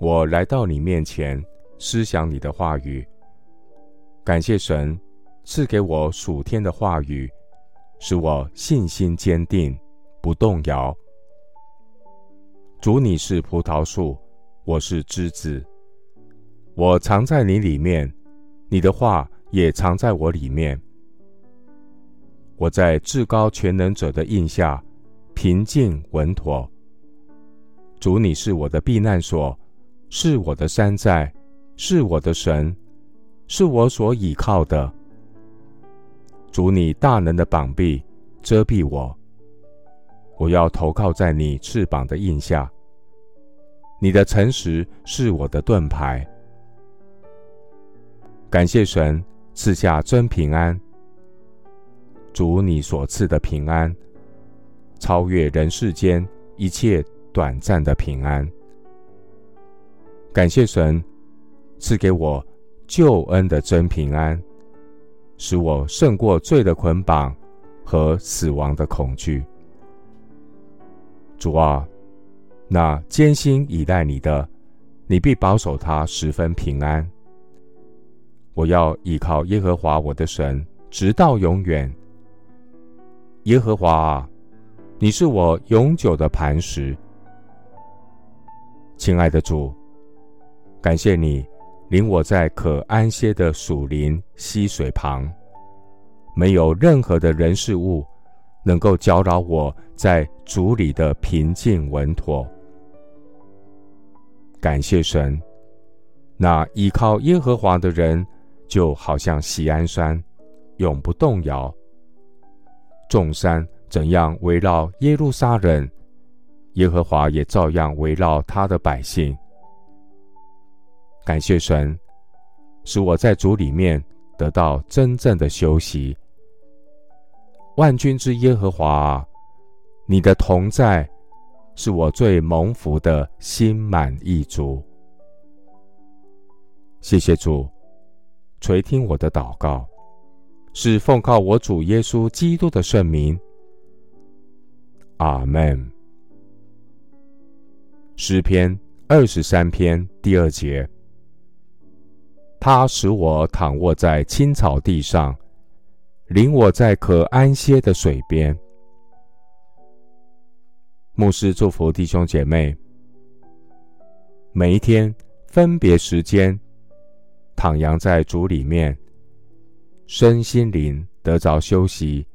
我來到你面前，思想你的話語。感謝神賜給我屬天的話語，使我信心堅定，不動搖。主，你是葡萄樹，我是枝子。我藏在你裡面，你的話也藏在我裡面。我在至高全能者的蔭下，平靜穩妥。主，你是我的避難所。是我的山寨，是我的神，是我所倚靠的。主，你大能的膀臂遮蔽我，我要投靠在你翅膀的蔭下。你的誠實是我的盾牌。感謝神賜下真平安。主，你所賜的平安，超越人世間一切短暫的平安。感謝神賜給我救恩的真平安，使我勝過罪的捆綁和死亡的恐懼。主啊，那艱辛倚賴你的，你必保守他十分平安。我要依靠耶和華我的神，直到永遠。耶和華啊，你是我永久的磐石，親愛的主。感謝你，領我在可安歇的樹林溪水旁，沒有任何的人事物能夠攪擾我在主裡的平靜穩妥。感謝神，那依靠耶和華的人就好像錫安山，永不動搖。眾山怎樣圍繞耶路撒冷，耶和華也照樣圍繞他的百姓。感謝神，使我在主裡面得到真正的休息。萬軍之耶和華，你的同在是我最蒙福的心滿意足。謝謝主垂聽我的禱告，是奉靠我主耶穌基督的聖名。阿門。詩篇二十三篇第二節。他使我躺臥在青草地上，領我在可安歇的水邊。牧師祝福弟兄姐妹，每一天分別時間，倘佯在主裡面，身心靈得着休息，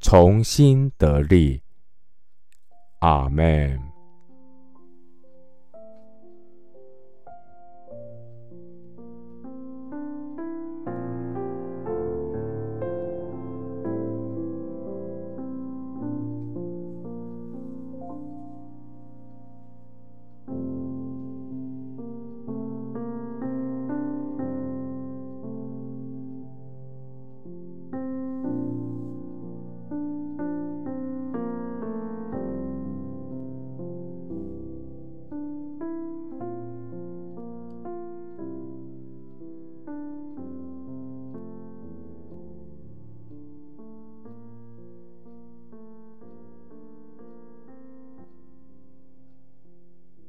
重新得力。阿門。